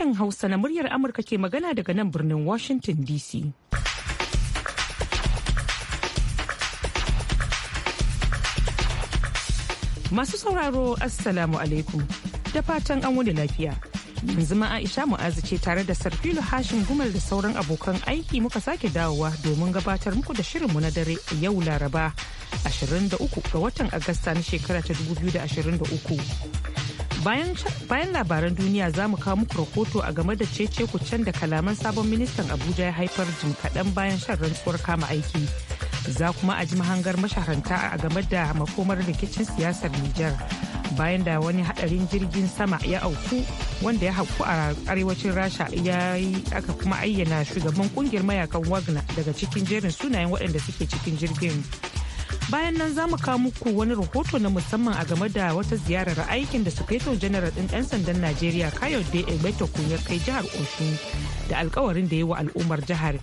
sashen Hausa na muryar Amurka ke magana daga nan birnin Washington DC. Masu sauraro Assalamu alaikum da fatan an wuni lafiya. Yanzu ma Aisha Mu'azu ce tare da Sarfilu Hashin Gumal da sauran abokan aiki muka sake dawowa domin gabatar muku da shirinmu na dare yau Laraba 23 ga watan Agusta na shekara ta 2023. Bayan labaran duniya za mu kawo muku rahoto a game da cece ku da kalaman sabon ministan Abuja ya haifar jim kaɗan bayan shan rantsuwar kama aiki. Za kuma a ji mahangar masharanta a game da makomar rikicin siyasar Nijar. Bayan da wani haɗarin jirgin sama ya auku wanda ya hauku a arewacin Rasha ya yi aka kuma ayyana shugaban kungiyar mayakan Wagner daga cikin jerin sunayen waɗanda suke cikin jirgin. bayan nan za mu kawo muku wani rahoto na musamman a game da wata ziyarar aikin da sufeto janaral din 'yan sandan najeriya kayode da ya kai jihar osun da alkawarin da ya wa al'ummar jihar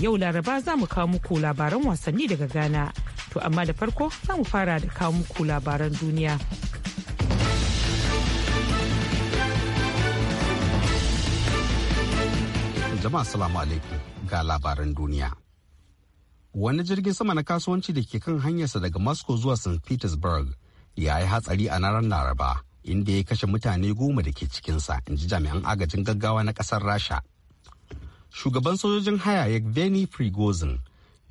yau laraba za mu kawo muku labaran wasanni daga ghana to amma da farko za mu fara da kawo muku labaran duniya jama'a salamu alaikum ga labaran duniya wani jirgin sama na kasuwanci da ke kan hanyarsa daga moscow zuwa st petersburg ya yi hatsari a ranar laraba inda ya kashe mutane goma da ke cikinsa in ji jami'an agajin gaggawa na kasar rasha shugaban sojojin haya veni prigozhin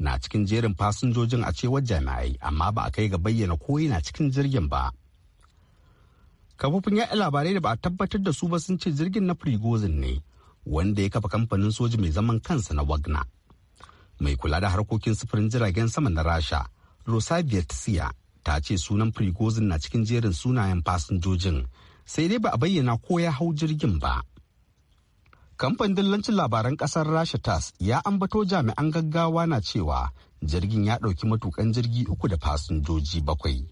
na cikin jerin fasinjojin a cewar jami'ai amma ba a kai ga bayyana ko yana cikin jirgin ba kafofin yaɗa labarai da ba a tabbatar da su ba sun ce jirgin na prigozhin ne wanda ya kafa kamfanin soji mai zaman kansa na wagner mai kula da harkokin sufurin jiragen sama na rasha rosavietsia ta ce sunan prigozin na cikin jerin sunayen fasinjojin sai dai ba a bayyana ko ya hau jirgin ba kamfanin dillancin labaran kasar rasha tas ya ambato jami'an gaggawa na cewa jirgin ya ɗauki matukan jirgi uku da fasinjoji bakwai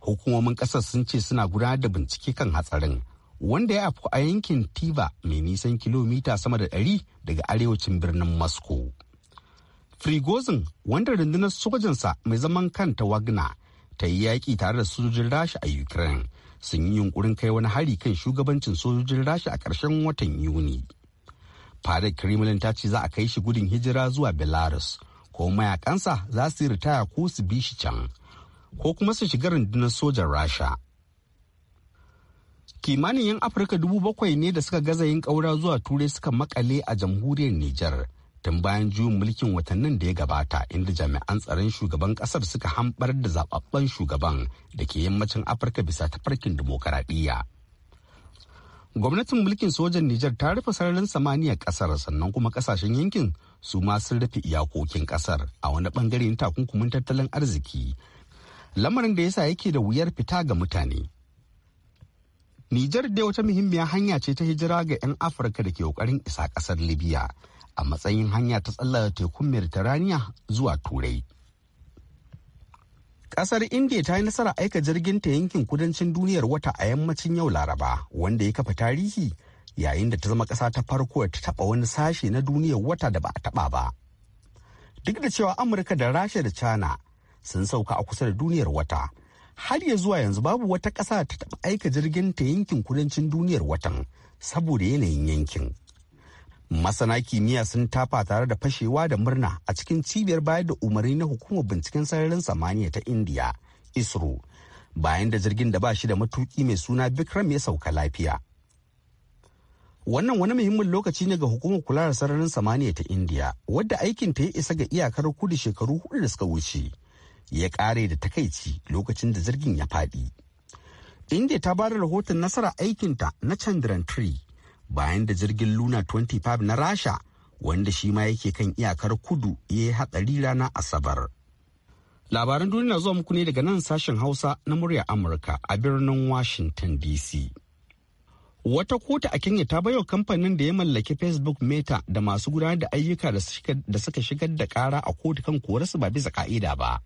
hukumomin kasar sun ce suna gudanar da bincike kan hatsarin wanda ya afku a yankin tiba mai nisan kilomita sama da 100 daga arewacin birnin moscow Prigozhin wanda rundunar sojansa mai zaman kanta Wagner ta yi yaƙi tare da sojojin Rasha a Ukraine sun yi yunkurin kai wani hari kan shugabancin sojojin Rasha a ƙarshen watan Yuni. Fadar Kremlin ta ce za a kai shi gudun hijira zuwa Belarus ko mayakansa za su yi ritaya ko su bi shi can ko kuma su shiga rundunar sojan Rasha. Kimanin 'yan Afirka dubu bakwai ne da suka gaza yin ƙaura zuwa Turai suka makale a jamhuriyar Nijar. tun bayan juyin mulkin watannin da ya gabata inda jami'an tsaron shugaban kasar suka hambar da zababben shugaban da ke yammacin afirka bisa ta farkin dimokuraɗiyya gwamnatin mulkin sojan nijar ta rufe sararin samaniyar kasar sannan kuma kasashen yankin su ma sun rufe iyakokin kasar a wani bangare na takunkumin tattalin arziki lamarin da yasa yake da wuyar fita ga mutane Nijar dai wata muhimmiyar hanya ce ta hijira ga 'yan Afirka da ke ƙoƙarin isa ƙasar Libya a matsayin hanya ta tsallaka tekun mediterania zuwa turai kasar india ta yi nasara aika jirgin ta yankin kudancin duniyar wata a yammacin yau laraba wanda ya kafa tarihi yayin da ta zama kasa ta farko ta taba wani sashe na duniyar wata da ba a taba ba duk da cewa amurka da rasha da china sun sauka a kusa da duniyar wata har ya zuwa yanzu babu wata ƙasa ta taba aika jirgin ta yankin kudancin duniyar watan saboda yanayin yankin masana kimiyya sun tafa tare da fashewa da murna a cikin cibiyar bayar da umarni na hukumar binciken sararin samaniya ta indiya isro bayan da jirgin da ba shi da matuki mai suna bikram ya sauka lafiya wannan wani muhimmin lokaci ne ga hukumar kula da sararin samaniya ta indiya wadda aikin ta ya isa ga iyakar kudu shekaru hudu da suka wuce ya kare da takaici lokacin da jirgin ya faɗi indiya ta ba da rahoton nasara aikinta na chandran tree bayan da jirgin luna 25 na rasha wanda shi ma yake kan iyakar kudu ya yi hatsari rana asabar labaran duniya zuwa muku ne daga nan sashen hausa na murya amurka a birnin washington dc wata kota a kenya ta bayo kamfanin da ya mallaki facebook meta da masu gudanar da ayyuka da suka shigar da kara a kotu kan korasu ba bisa ka'ida ba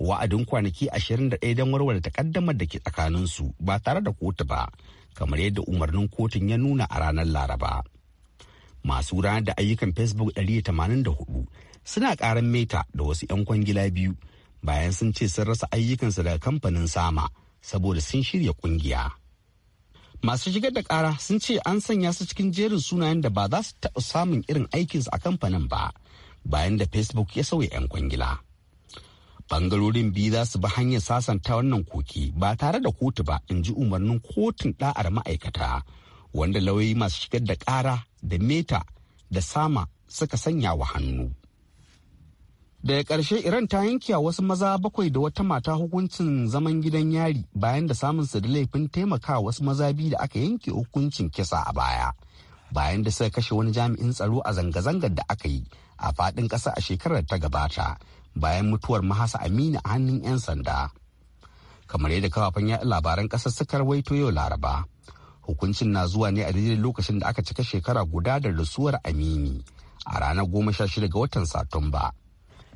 wa'adin kwanaki 21 don warware takaddamar da ke tsakaninsu ba tare da kotu ba kamar yadda umarnin kotun ya nuna a ranar laraba masu ranar da ayyukan facebook 184 suna karan meta da wasu 'yan kwangila biyu bayan sun ce sun rasa ayyukansu daga kamfanin sama saboda sun shirya kungiya masu shigar da kara sun ce an sanya su cikin jerin sunayen da ba za su taɓa samun irin aikinsu a kamfanin ba bayan da facebook ya sauya 'yan kwangila. bangarorin biyu za su bi hanyar sasanta wannan koki ba tare da kotu ba in ji umarnin kotun ɗa'ar ma'aikata wanda lauyoyi masu shigar da ƙara da meta da sama suka sanya wa hannu daga ƙarshe iran ta yanke wasu maza bakwai da wata mata hukuncin zaman gidan yari bayan da samun da laifin taimaka wasu maza biyu da aka yanke hukuncin kisa a baya bayan da suka kashe wani jami'in tsaro a zanga-zangar da aka yi a faɗin ƙasa a shekarar ta gabata bayan mutuwar mahasa amina a hannun 'yan sanda kamar yadda kafafen yaɗa labaran ƙasar suka rawaito yau laraba hukuncin na zuwa ne a daidai lokacin da aka cika shekara guda da rasuwar amini a ranar goma sha shida ga watan satumba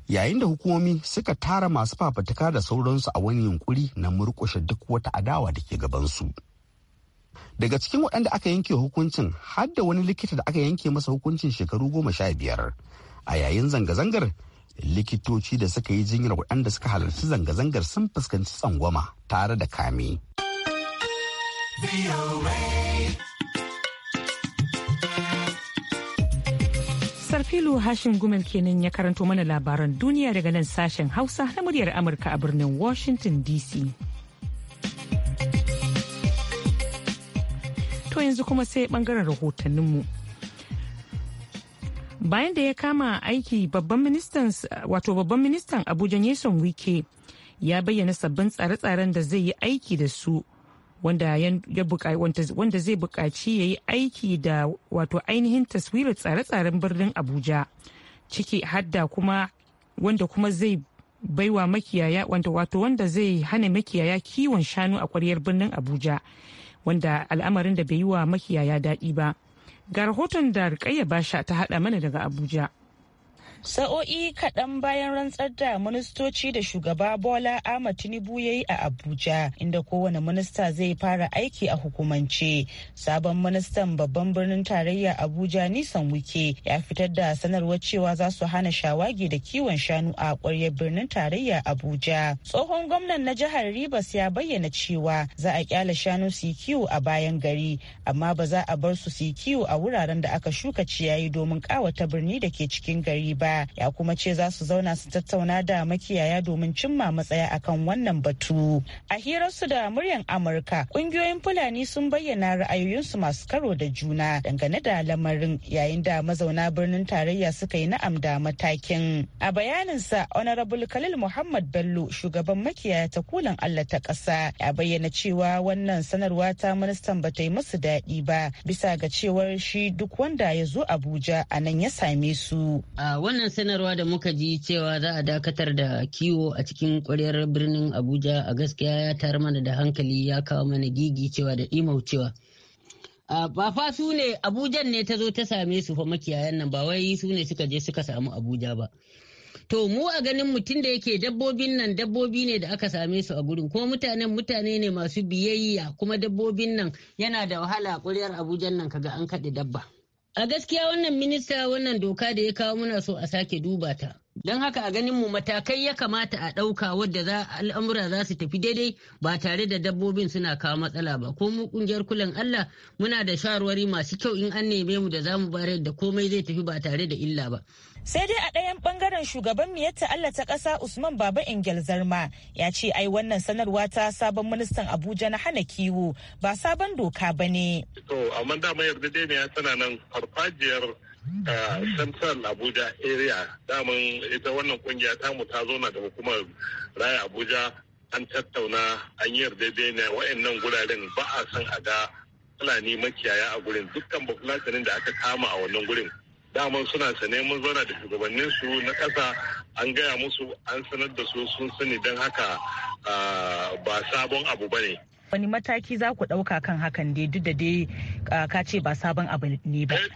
yayin da hukumomi suka tara masu fafatuka da sauransu a wani yunkuri na murƙushe duk wata adawa da ke gabansu daga cikin waɗanda aka yanke hukuncin har da wani likita da aka yanke masa hukuncin shekaru goma sha biyar a yayin zanga-zangar likitoci da suka yi jinyar waɗanda suka halarci zanga-zangar sun fuskanci tsangwama tare da kame. Sarfilu Hashim Gumel kenan ya karanto mana labaran duniya daga nan sashen Hausa na muryar Amurka a birnin Washington DC. To yanzu kuma sai bangaren rahotanninmu. bayan da ya kama aiki babban ministan abuja nelson wike ya bayyana sabbin tsare-tsaren da zai yi aiki da su wanda zai buƙaci ya yi aiki da wato ainihin taswirar tsare-tsaren birnin abuja ciki hadda kuma wanda kuma zai baiwa makiyaya wanda wato wanda zai hana makiyaya kiwon shanu a kwaryar birnin abuja wanda al'amarin da bai yi wa makiyaya daɗi ba Ga rahoton da Rikayya Basha ta haɗa mana daga Abuja. sa'o'i kaɗan bayan rantsar da ministoci da shugaba bola ahmad tinubu ya yi a abuja inda kowane minista zai fara aiki a hukumance sabon ministan babban birnin tarayya abuja nisan wike ya fitar da sanarwar cewa za su hana shawagi da kiwon shanu a ƙwaryar birnin tarayya abuja tsohon gwamnan na jihar ribas ya bayyana cewa za a kyale shanu su kiwo a bayan gari amma ba za a bar su su kiwo a wuraren da aka shuka ciyayi domin ƙawata birni da ke cikin gari ba ya kuma ce za su zauna su tattauna da makiyaya domin cimma matsaya akan wannan batu. A hirarsu da muryan Amurka, ƙungiyoyin Fulani sun bayyana ra'ayoyinsu masu karo da juna dangane da lamarin yayin da mazauna birnin tarayya suka yi na'am da matakin. A bayanin sa, Honorable Khalil Muhammad Bello, shugaban makiyaya ta kulan Allah ta ƙasa, ya bayyana cewa wannan sanarwa ta ministan ba ta yi musu daɗi ba bisa ga cewar shi duk wanda ya zo Abuja a nan ya same su. Wannan wannan sanarwa da muka ji cewa za a dakatar da kiwo a cikin kwaryar birnin abuja a gaskiya ya tar mana da hankali ya kawo mana gigi cewa da imaucewa ba fa su ne abujan ne ta zo ta same su fa makiyayan nan ba wai su ne suka je suka samu abuja ba to mu a ganin mutum da yake dabbobin nan dabbobi ne da aka same su a gurin kuma mutanen mutane ne masu biyayya kuma dabbobin nan yana da wahala a abuja abujan nan kaga an kaɗe dabba A gaskiya wannan minista wannan doka da ya kawo muna so a sake duba ta. don haka a ganin mu matakai ya kamata a ɗauka wadda za al'amura za su tafi daidai ba tare da dabbobin suna kawo matsala ba ko mu ƙungiyar kulan Allah muna da shawarwari masu kyau in an neme mu da zamu bare da komai zai tafi ba tare da illa ba sai dai a ɗayan ɓangaren shugaban miyatta Allah ta ƙasa Usman Baba Ingel Zarma ya ce ai wannan sanarwa ta sabon ministan Abuja na hana kiwo ba sabon doka ba ne. To amma da mayar dai ne ya tana nan farfajiyar central abuja area daman ita wannan kungiya tamu ta zauna da hukumar raya abuja an tattauna an yi yarjejeniya wa'annan guraren ba a san a ga fulani makiyaya a gurin dukkan bakulatanin da aka kama a wannan gurin daman suna sane mun zauna da shugabannin su na kasa an gaya musu an sanar da su sun sani don haka ba sabon abu ba ne wani mataki za ku ɗauka kan hakan dai duk da dai ka ce ba sabon abu ne ba eh,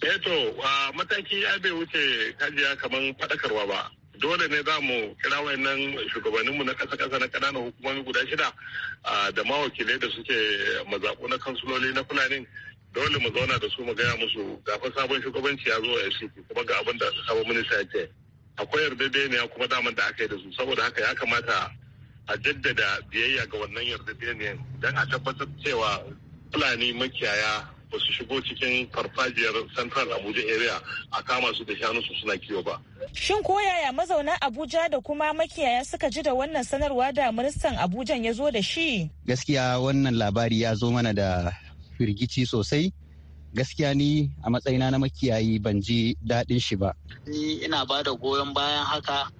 Eto, eh a mataki ya bai wuce kajiya kamar faɗakarwa ba dole ne za mu kira wayannan shugabanninmu na ƙasa ƙasa na ƙananan hukumomi guda shida da mawakilai da suke mazaɓu na kansuloli na fulanin dole mu zauna da su mu gaya musu gafa sabon shugabanci ya zo a FCC kuma ga abin da sabon minista ya ce akwai yarjejeniya kuma daman da aka yi da su saboda haka ya kamata a jaddada biyayya ga wannan yarjejeniyar don a tabbatar cewa fulani makiyaya ba su shigo cikin farfajiyar central abuja area a kama su da shanunsu suna kiwo ba shin ko yaya mazauna abuja da kuma makiyaya suka ji da wannan sanarwa da ministan abuja ya zo da shi gaskiya wannan labari ya zo mana da firgici sosai gaskiya ni a matsayina na makiyayi ban ji daɗin shi ba ni ina ba da goyon bayan haka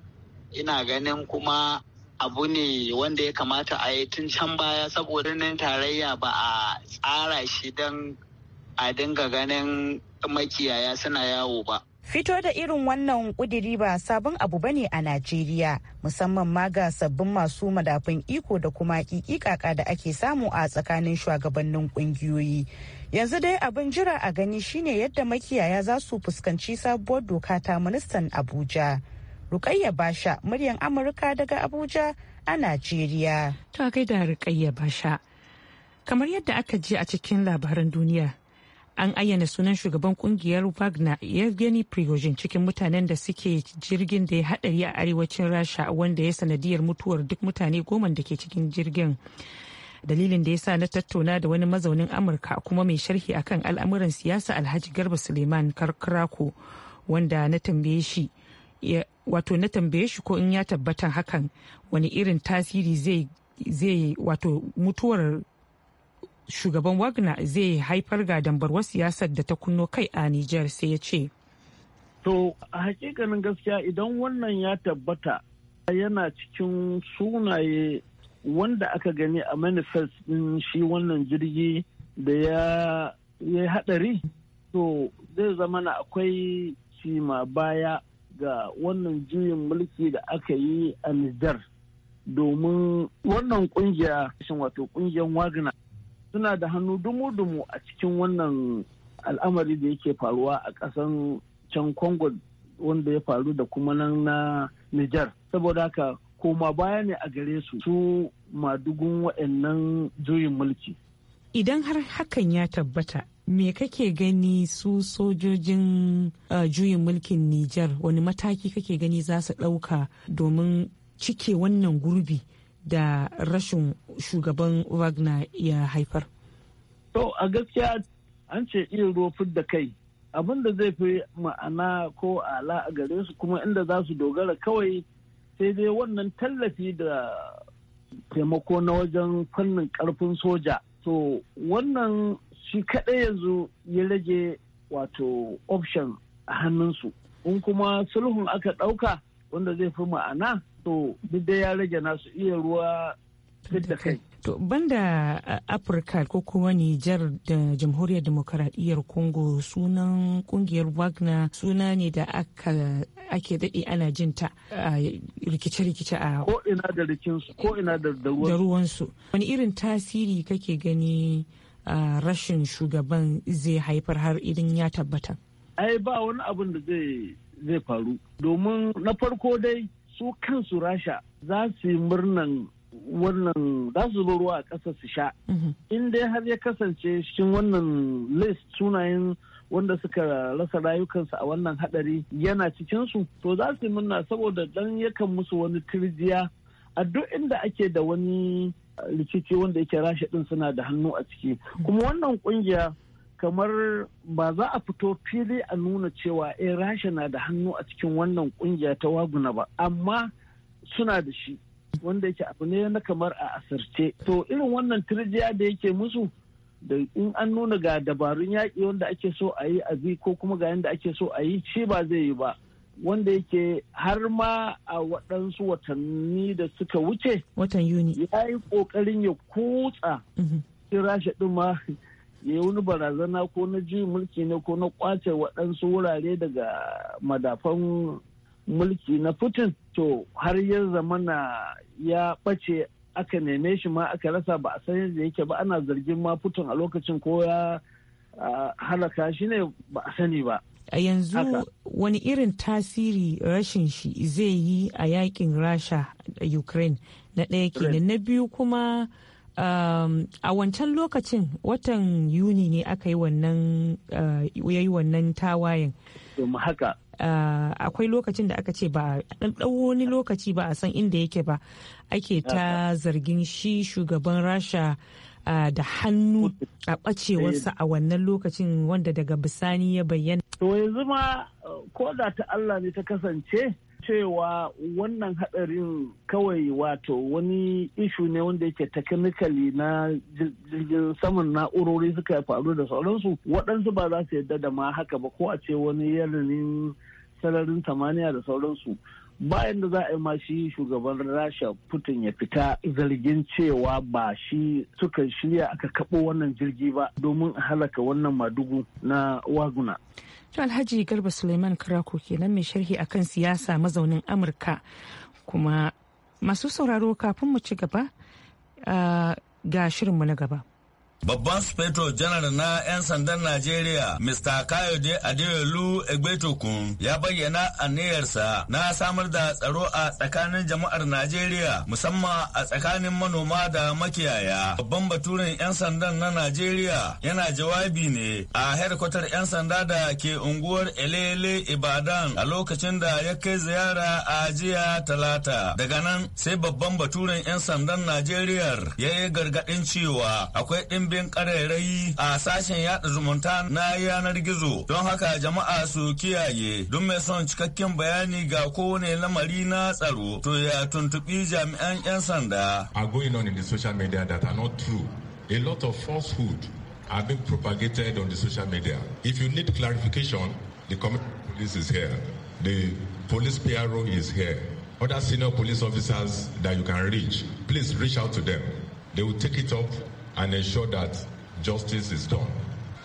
ina ganin kuma abu ne wanda ya kamata a yi tun can baya saboda nan tarayya ba a tsara shi don a dinga ganin makiyaya suna yawo ba. Fito da irin wannan kudiri ba sabon abu ba ne a Najeriya musamman ma ga sabbin masu madafin iko da kuma kikikaka da ake samu a tsakanin shugabannin ƙungiyoyi Yanzu dai abin jira a gani shine yadda makiyaya za su fuskanci sabuwar doka ta ministan Abuja. Rukayya Basha muryan Amurka daga Abuja a Najeriya. Ta kai Rukayya Basha. Kamar yadda aka ji a cikin labaran duniya an ayyana sunan shugaban kungiyar wagner yevgeny prigozhin cikin mutanen da suke jirgin da ya hadari a arewacin rasha wanda ya sanadiyar mutuwar duk mutane goma da ke cikin jirgin dalilin da ya sa na tattauna da wani mazaunin amurka kuma mai sharhi akan al'amuran siyasa alhaji garba suleiman karkarako wanda na tambaye shi wato na tambaye shi ko in ya tabbatan hakan wani irin tasiri zai wato mutuwar shugaban wagner zai haifar ga dambarwar siyasar da ta kunno kai a niger sai ya ce to a hakikanin gaskiya idan wannan ya tabbata yana cikin sunaye wanda aka gani a manifest din shi wannan jirgi da ya yi hadari to zai zama na akwai cima baya ga wannan juyin mulki da aka yi a niger domin wannan kungiya shi wato kungiyar wagner suna da hannu dumu-dumu a cikin wannan al'amari da yake faruwa a ƙasan can congo wanda ya faru da kuma nan na niger saboda haka koma baya ne a gare su su madugun waɗannan juyin mulki idan har hakan ya tabbata me kake gani su sojojin uh, juyin mulkin niger wani mataki kake gani za su ɗauka domin cike wannan gurbi da rashin shugaban wagner ya haifar to a gaskiya an ce iya rofin da kai abin da zai fi ma'ana ko ala a gare su kuma inda za su dogara kawai sai dai wannan tallafi da taimako na wajen fannin karfin soja to wannan shi kaɗai yanzu ya rage wato option a hannunsu in kuma sulhun aka ɗauka wanda zai fi ma'ana to duk da ya rage nasu iya ruwa da kai To banda Afirka ko kuma Nijar da Jamhuriyar Demokaradiyyar Congo sunan kungiyar Wagner suna ne da aka ake daɗe ana ta a rikice-rikice a ko ina da rikinsu ko ina da ruwansu. Wani irin tasiri kake gani rashin shugaban zai haifar har idan ya tabbata? Ai ba wani abin da zai faru domin na farko dai su kansu rasha za su yi murnan wannan za su zo ruwa a ƙasa su sha mhm. in dai har ya kasance cikin wannan list sunayen wanda suka rasa rayukansu a wannan hadari yana cikinsu to za su yi murna saboda dan yakan musu wani kirjiya a duk inda ake da wani eh, rikici wanda yake rasha din suna da hannu a ciki kuma wannan kungiya kamar ba za a fito fili a nuna cewa a eh, rasha na da hannu a cikin wannan kungiya ta waguna ba amma suna da shi wanda yake abu ne na kamar a asirce to irin wannan turjiya da yake musu da in an nuna ga dabarun yaƙi wanda ake so a yi a bi ko kuma ga yadda ake so a yi shi ba zai yi ba wanda yake har ma a waɗansu watanni da suka wuce watan yuni ya yi ƙoƙarin ya kutsa mm-hmm. rasha ɗin ma ya wani barazana ko na ji mulki ne ko na kwace waɗansu wurare daga madafan mulki na putin to har ya zamana ya ɓace aka neme shi ma aka rasa ba a san yadda yake ba ana zargin ma putin a lokacin ko ya halaka shi ne ba a sani ba a yanzu wani irin tasiri rashin shi zai yi a yakin rasha a ukraine na ɗaya kenan na biyu kuma Um, a wancan lokacin watan yuni ne aka yi wannan uh, yayi wannan tawayen haka uh, akwai lokacin da aka ce ba a ɗanɗau wani lokaci ba a san inda yake ba ake ta zargin shi shugaban rasha uh, da hannu a ɓacewarsa a wannan lokacin wanda daga bisani ya bayyana to yanzu ma ko da ta allah ne ta kasance cewa wannan hadarin kawai wato wani ishu ne wanda yake technically na jirgin saman na'urori suka faru da sauransu waɗansu ba za su yadda da ma haka ba ko a ce wani yanayin sararin samaniya da sauransu bayan da za a yi ma shi shugaban rasha putin ya fita zargin cewa ba shi suka shirya aka kaɓo wannan jirgi ba domin halaka wannan madugu na waguna To Alhaji Garba Suleiman Karako kenan mai sharhi akan siyasa mazaunin Amurka kuma masu sauraro kafin mu ci gaba ah, ga shirin mu na gaba. Babban speto Janar na 'yan sandan Najeriya, Mr. Kayode Adeyolu Egbetokun, ya bayyana aniyarsa na samar da tsaro a tsakanin jama'ar Najeriya, musamman a tsakanin manoma da makiyaya. Babban baturin 'yan sandan na Najeriya yana jawabi ne a herkwatar 'yan sanda da ke unguwar Elele Ibadan a lokacin da ya kai ziyara a jiya talata. Daga nan sai babban baturin 'yan sandan Najeriya ya yi gargaɗin cewa akwai ɗin ɗimbin ƙarairayi a sashen yada zumunta na yanar gizo don haka jama'a su kiyaye don mai son cikakken bayani ga kowane lamari na tsaro to ya tuntuɓi jami'an 'yan sanda. a going on in the social media that are not true. A lot of falsehood are being propagated on the social media. If you need clarification, the community police is here. The police PRO is here. Other senior police officers that you can reach, please reach out to them. They will take it up and ensure that justice is done.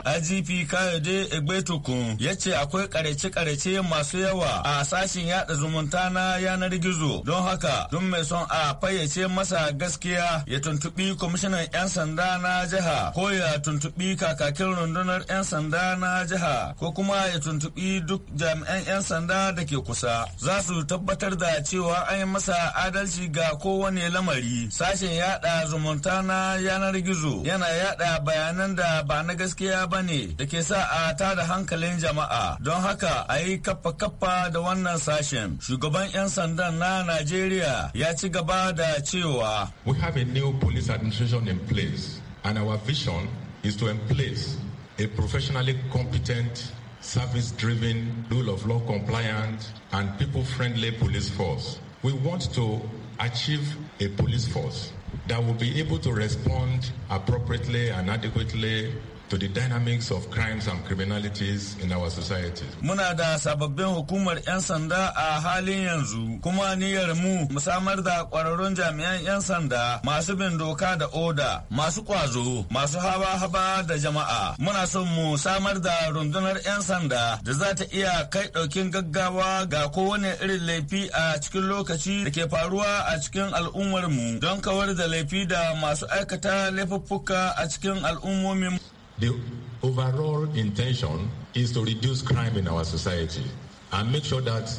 IGP Kayode Egbetokun ya ce akwai karece-karece masu yawa a sashen yada zumunta na yanar gizo. Don haka, don mai son a fayyace masa gaskiya ya tuntubi kwamishinan 'yan sanda na jiha ko ya tuntubi kakakin rundunar 'yan sanda na jiha ko kuma ya tuntubi duk jami'an 'yan sanda da ke kusa. Za su tabbatar da cewa an yi masa adalci ga kowane lamari. Sashen yada zumunta na yanar gizo yana yada bayanan da ba na gaskiya ba ba ne da ke sa a tada hankalin jama'a don haka a yi kappa-kappa da wannan sashen. Shugaban 'yan sandan na Najeriya ya ci gaba da cewa. We have a new police administration in place and our vision is to emplace a professionally competent service driven, rule of law compliant, and people friendly police force. We want to achieve a police force that will be able to respond appropriately and adequately to the dynamics of crimes and criminalities in our society. Muna da sababbin hukumar 'yan sanda a halin yanzu kuma niyyar mu musamar da kwararrun jami'an 'yan sanda masu bin doka da oda masu kwazo masu haba-haba da jama'a. Muna son mu samar da rundunar 'yan sanda da za ta iya kai ɗaukin gaggawa ga kowane irin laifi a cikin lokaci da ke faruwa a cikin al'ummar mu don kawar da laifi da masu aikata laifuffuka a cikin al'ummomin The overall intention is to reduce crime in our society and make sure that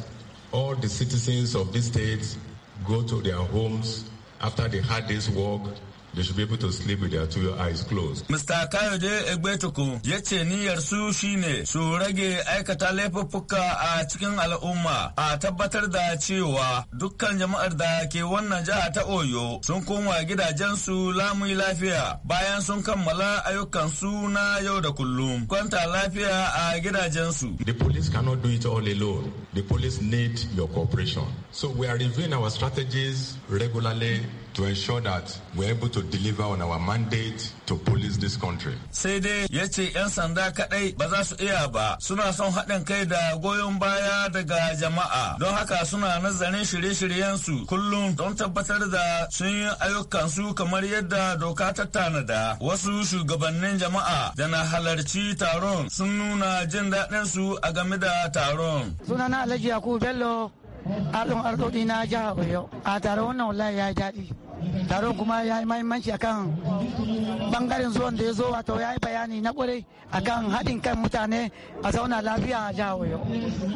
all the citizens of this state go to their homes after they had this work They should be able to sleep with their two eyes closed. Mr. Kayode Egbetukun ya ce niyyar su shine su rage aikata laifuffuka a cikin al'umma a tabbatar da cewa dukkan jama'ar da ke wannan jiha ta Oyo sun koma su lamun lafiya bayan sun kammala ayyukan su na yau da kullum. Kwanta lafiya a gidajen su. The police cannot do it all alone. The police need your cooperation. So we are reviewing our strategies regularly to ensure that we are able to deliver on our mandate to police this country. Sai dai ya ce 'yan sanda kaɗai ba za su iya ba suna son haɗin kai da goyon baya daga jama'a don haka suna nazarin shirye shiryen su kullum don tabbatar da sun yi su kamar yadda doka ta tanada. Wasu shugabannin jama'a da na halarci taron sun nuna jin daɗinsu a game da taron. Sunana Alhaji Yakubu Bello arzon arzodi na jihar Oyo a ah, taron wannan wallahi ya daɗi taron kuma ya yi mahimmanci akan bangaren zuwan da ya zo wato ya yi bayani na kwarai akan haɗin kan mutane a zauna lafiya a jihar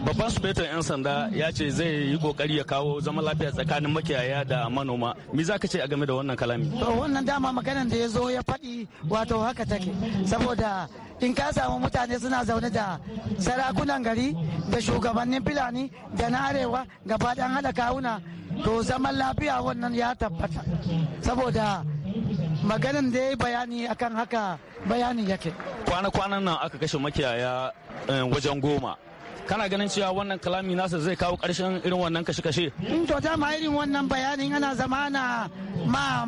Babban sufetan 'yan sanda ya ce zai yi kokari ya kawo zaman lafiya tsakanin makiyaya da manoma. Me za ka ce a game da wannan kalami? To wannan dama maganar da ya zo ya faɗi wato haka take saboda in ka samu mutane suna zaune da sarakunan gari da shugabannin filani da na arewa gaba ɗan haɗa kawuna to zaman lafiya wannan ya tabbata saboda maganin da ya bayani akan haka bayanin yake kwana-kwanan nan aka kashe makiyaya eh, wajen goma kana ganin cewa wannan kalami nasa zai kawo ƙarshen irin wannan kashe-kashe to dama irin wannan bayanin ana zamana ma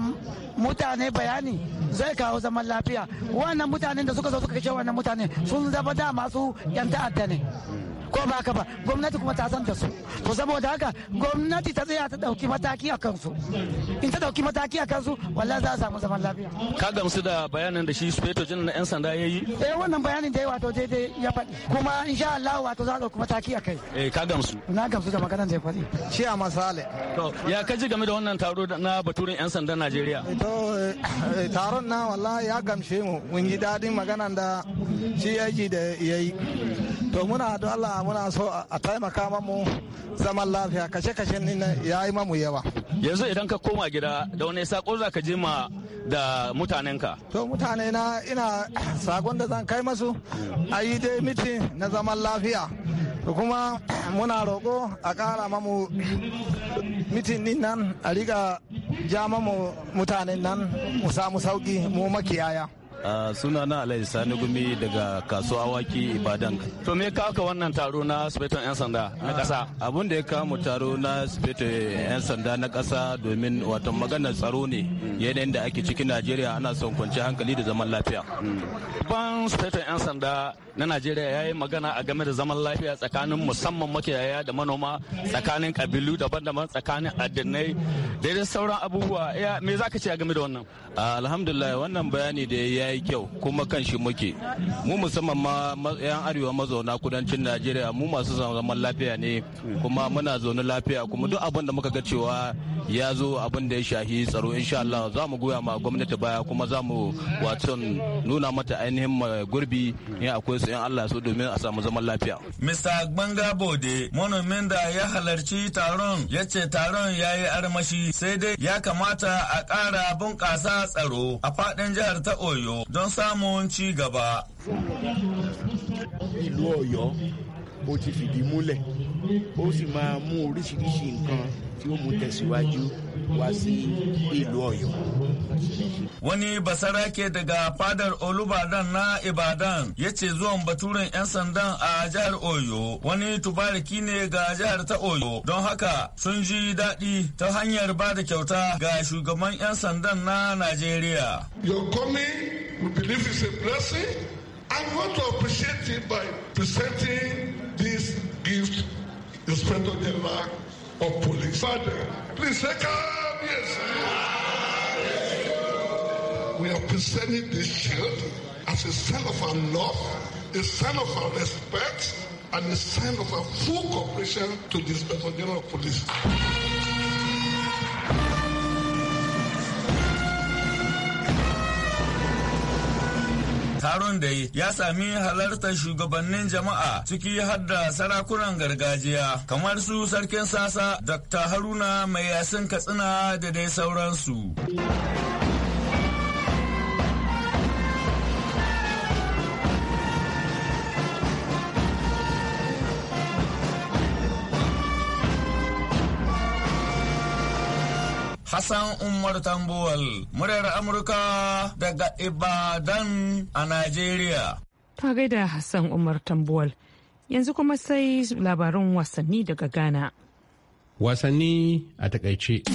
mutane bayani zai kawo zaman lafiya wannan mutanen da suka zo suka kashe wannan mutane sun zama dama su yan ta'adda ne ko ba haka ba gwamnati kuma ta san da su to saboda haka gwamnati ta tsaya ta dauki mataki a kansu in ta dauki mataki a kansu wallahi za a samu zaman lafiya ka gamsu da bayanin da shi to jin na yan sanda ya yi eh wannan bayanin da ya wato daidai ya faɗi kuma insha Allah wato za a dauki mataki a kai eh ka gamsu na gamsu da maganar da ya faɗi shi a masale to ya kaji game da wannan taro na baturin yan sandan Najeriya eh, to eh, taron na wallahi ya gamshe mu mun ji dadin maganar da shi aiki da yayi to muna da Allah muna so a taimaka mamu zaman lafiya kashe kashe nan ya yi mamu yawa yanzu idan ka koma gida da wani sako za ka je ma da mutanenka to mutane na ina sakon da zan kai masu a yi dai miti na zaman lafiya kuma muna roƙo a ƙara mamu mitin din nan a riga ja mamu mutanen nan mu samu sauki mu makiyaya suna na alayi sani gumi daga kasuwa waki ibadan to me kawo ka wannan taro na sufeto yan sanda na kasa abun da ya kawo mu taro na sufeto yan sanda na kasa domin wato magana tsaro ne hmm. yanayin da ake cikin najeriya ana son kwanci hankali da zaman lafiya hmm. ban sufeto yan sanda na Najeriya ya yi magana a game da zaman lafiya tsakanin musamman makiyaya da manoma tsakanin kabilu daban-daban tsakanin addinai daidai sauran abubuwa me za ka ce a game da wannan ah, alhamdulillah wannan bayani da ya yi kyau kuma kan shi muke mu musamman ma yan arewa mazauna kudancin najeriya mu masu zaman lafiya ne kuma muna zaune lafiya kuma duk abin da muka ga cewa ya zo abin da ya shahi tsaro insha Allah za mu goya ma gwamnati baya kuma za mu wato nuna mata ainihin eh, gurbi in akwai su in Allah so domin a samu zaman lafiya. Mr. Gbanga Bode manomin da ya halarci taron ya ce taron ya yi armashi sai dai ya kamata a ƙara bunƙasa tsaro a faɗin jihar ta Oyo don samun ci gaba. ó ti fìdí múlẹ̀ ó sì máa mú oríṣiríṣi nǹkan tí ó mú tẹ̀síwájú wá sí ìlú ọ̀yọ́. wani basarake daga fadar olubadan na ibadan ya ce zuwan baturen 'yan sandan a jihar oyo wani tubariki ne ga jihar ta oyo don haka sun ji daɗi ta hanyar ba da kyauta ga shugaban 'yan sandan na najeriya your coming we believe is a blessing i'm going to appreciate it by presenting this gift Inspector General of Police. Father, please say, come, yes. We are presenting this shield as a sign of our love, a sign of our respect, and a sign of our full cooperation to the Inspector General of Police. Taron dai ya sami halartar shugabannin jama'a ciki har sarakunan gargajiya kamar su sarkin sasa Dr. Haruna mai yasin Katsina da dai sauransu. Hassan Umar Tambuwal, muryar Amurka daga Ibadan a Najeriya. Ta gaida Hassan Umar Tambuwal. Yanzu kuma sai labarin wasanni daga Ghana. Wasanni a takaice.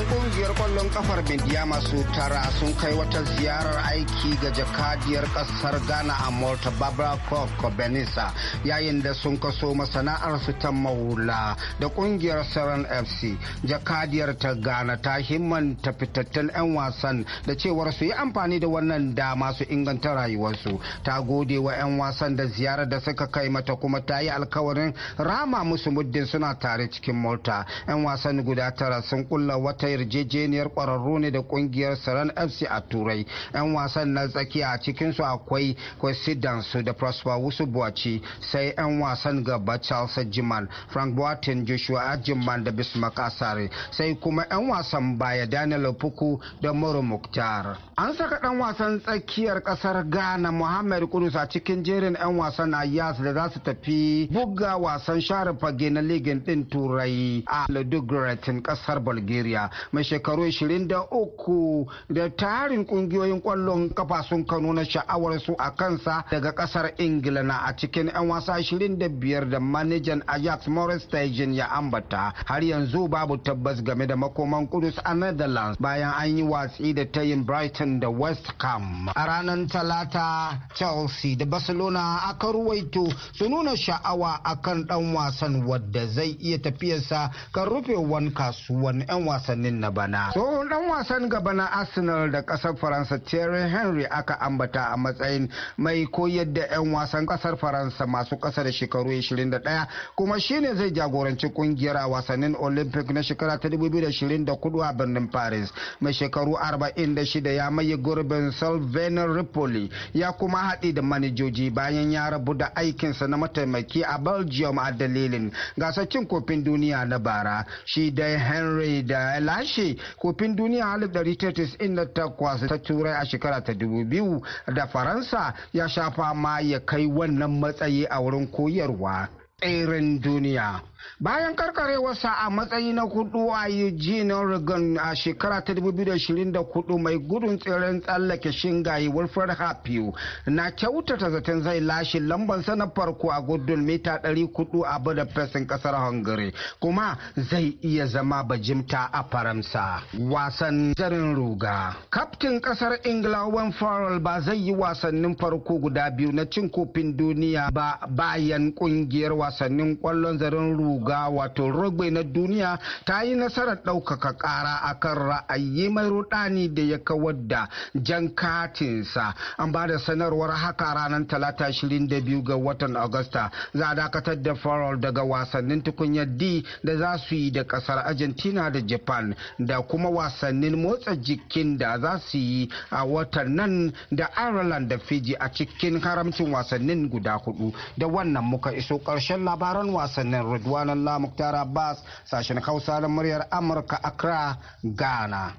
'yan kungiyar kwallon kafar bindiya masu tara sun kai wata ziyarar aiki ga jakadiyar kasar ghana a malta barbara kobenisa yayin da sun kaso masana'ar su ta maula da kungiyar saran fc jakadiyar ta ghana ta himmanta fitattun 'yan wasan da cewar su yi amfani da wannan dama su inganta rayuwarsu ta gode wa 'yan wasan da ziyarar da suka kai mata kuma ta yi alkawarin rama musu muddin suna tare cikin malta 'yan wasan guda tara sun kulla wata yarjejeniyar kwararru ne da kungiyar saran fc a turai yan wasan na tsakiya a cikinsu akwai kwesidansu da prosper wusu buwaci sai yan wasan gaba charles jiman frank boatin joshua ajiman da bismarck asare sai kuma yan wasan baya daniel puku da moro muktar an saka dan wasan tsakiyar kasar ghana muhammad kudus a cikin jerin yan wasan ayas da za su tafi buga wasan share fage na ligin din turai a ladugretin kasar bulgaria mai shekaru 23 da tarin kungiyoyin kwallon kafa sun kano na sha'awar su a kansa daga kasar ingila na a cikin 'yan wasa 25 da manajan ajax morris stegen ya ambata har yanzu babu tabbas game da makoman kudus a netherlands bayan an yi watsi da tayin brighton da west ham a ranar talata chelsea da barcelona aka ruwaito su nuna sha'awa akan dan wasan wadda zai iya tafiyarsa kan rufe wani kasuwan 'yan wasannin wasannin na bana. Tsohon dan wasan gaba na Arsenal da ƙasar Faransa Thierry Henry aka ambata a matsayin mai koyar da 'yan wasan kasar Faransa masu kasa da shekaru 21 kuma shine zai jagoranci ƙungiyar a wasannin Olympic na shekara ta 2024 a birnin Paris. Mai shekaru 46 ya maye gurbin Salvene Ripoli ya kuma haɗi da manijoji bayan ya rabu da aikinsa na mataimaki a Belgium a dalilin gasar cin kofin duniya na bara. Shi dai Henry da lashe kofin duniya 1998 ta turai a shekara ta 2000 da faransa ya shafa ma ya kai wannan matsayi a wurin koyarwa tseren duniya bayan karkarewarsa a matsayi na hudu a eugene oregon a shekara ta 2024 mai gudun tseren tsallake shingaye wilfred hapiu na kyautata zaton zai lashe lambansa na farko a gudun mita 400 a fesin kasar hungary kuma zai iya zama bajimta a faransa wasan zarin ruga kaftin kasar ingila Owen farrell ba zai yi wasannin farko guda biyu na cin kofin duniya ba bayan kungiyar wasannin kwallon zarin ruga ruga wato rugby na duniya ta yi nasarar ɗaukaka ƙara a kan ra'ayi mai rudani da ya kawar da jan katinsa an ba da sanarwar haka ranar talata 22 ga watan agusta za a dakatar da farol daga wasannin tukunyar d da za su yi da ƙasar argentina da japan da kuma wasannin motsa jikin da za su yi a watan nan da ireland da fiji a cikin haramcin wasannin guda hudu da wannan muka iso ƙarshen labaran wasannin rudwa Ridwanullah Muktar Abbas sashen Hausa na muryar Amurka Accra, Ghana.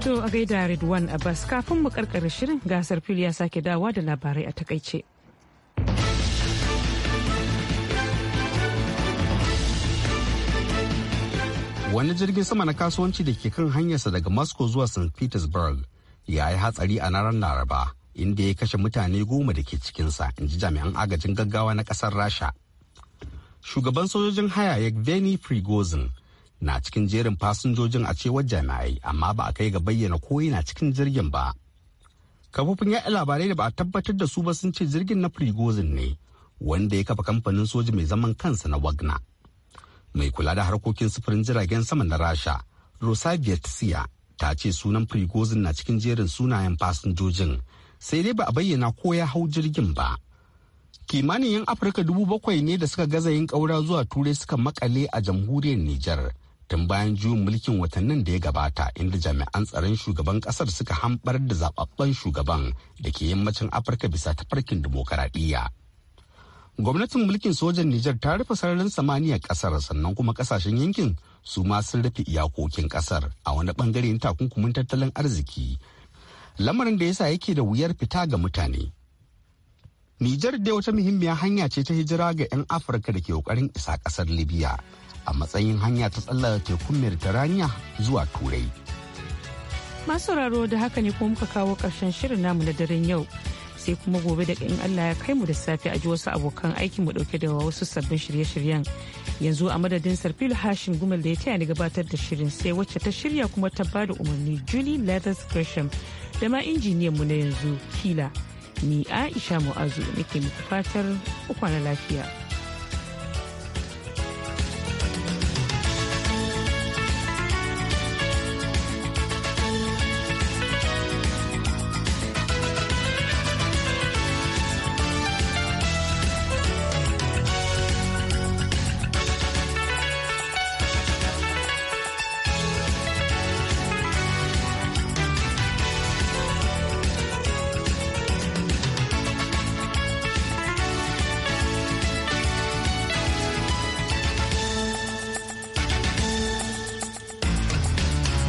To a gaida Ridwan Abbas kafin mu karkare shirin gasar fili ya sake dawa da labarai a takaice. wani jirgin sama na kasuwanci da ke kan hanyarsa daga moscow zuwa st petersburg ya yi hatsari a ranar laraba inda ya kashe mutane goma da ke cikinsa in ji jami'an agajin gaggawa na kasar rasha shugaban sojojin haya yevgeny prigozhin na cikin jerin fasinjojin a cewar jami'ai amma ba a kai ga bayyana ko yana cikin jirgin ba kafofin ya'ya labarai da ba a tabbatar da su ba sun ce jirgin na prigozhin ne wanda ya kafa kamfanin soji mai zaman kansa na wagna mai kula da harkokin sufurin jiragen sama na rasha rosaviyat siya ta ce sunan prigozin na cikin jerin sunayen fasinjojin sai dai ba a bayyana ko ya hau jirgin ba kimanin yan afirka dubu bakwai ne da suka gaza yin ƙaura zuwa turai suka makale a jamhuriyar nijar tun bayan juyin mulkin watannin da ya gabata inda jami'an tsaron shugaban kasar suka hambar da zababben shugaban da ke yammacin afirka bisa ta farkin dimokuraɗiyya gwamnatin mulkin sojan nijar ta rufe sararin samaniyar kasar sannan kuma kasashen yankin su ma sun rufe iyakokin kasar a wani bangare na takunkumin tattalin arziki lamarin da yasa yake da wuyar fita ga mutane Nijar dai wata muhimmiyar hanya ce ta hijira ga 'yan Afirka da ke kokarin isa kasar Libya a matsayin hanya ta tsallaka tekun Mediterania zuwa Turai. Masu sauraro da haka ne kuma muka kawo karshen shirin namu na daren yau. sai kuma gobe da in Allah ya kai mu da safe a ji wasu abokan aikin mu dauke da wasu sabbin shirye-shiryen yanzu a madadin sarfil hashim gumal da ya taya ni gabatar da shirin sai wacce ta shirya kuma ta bada umarni julie leathers gresham da ma injiniyan mu na yanzu kila ni aisha mu'azu nake muku fatar na lafiya.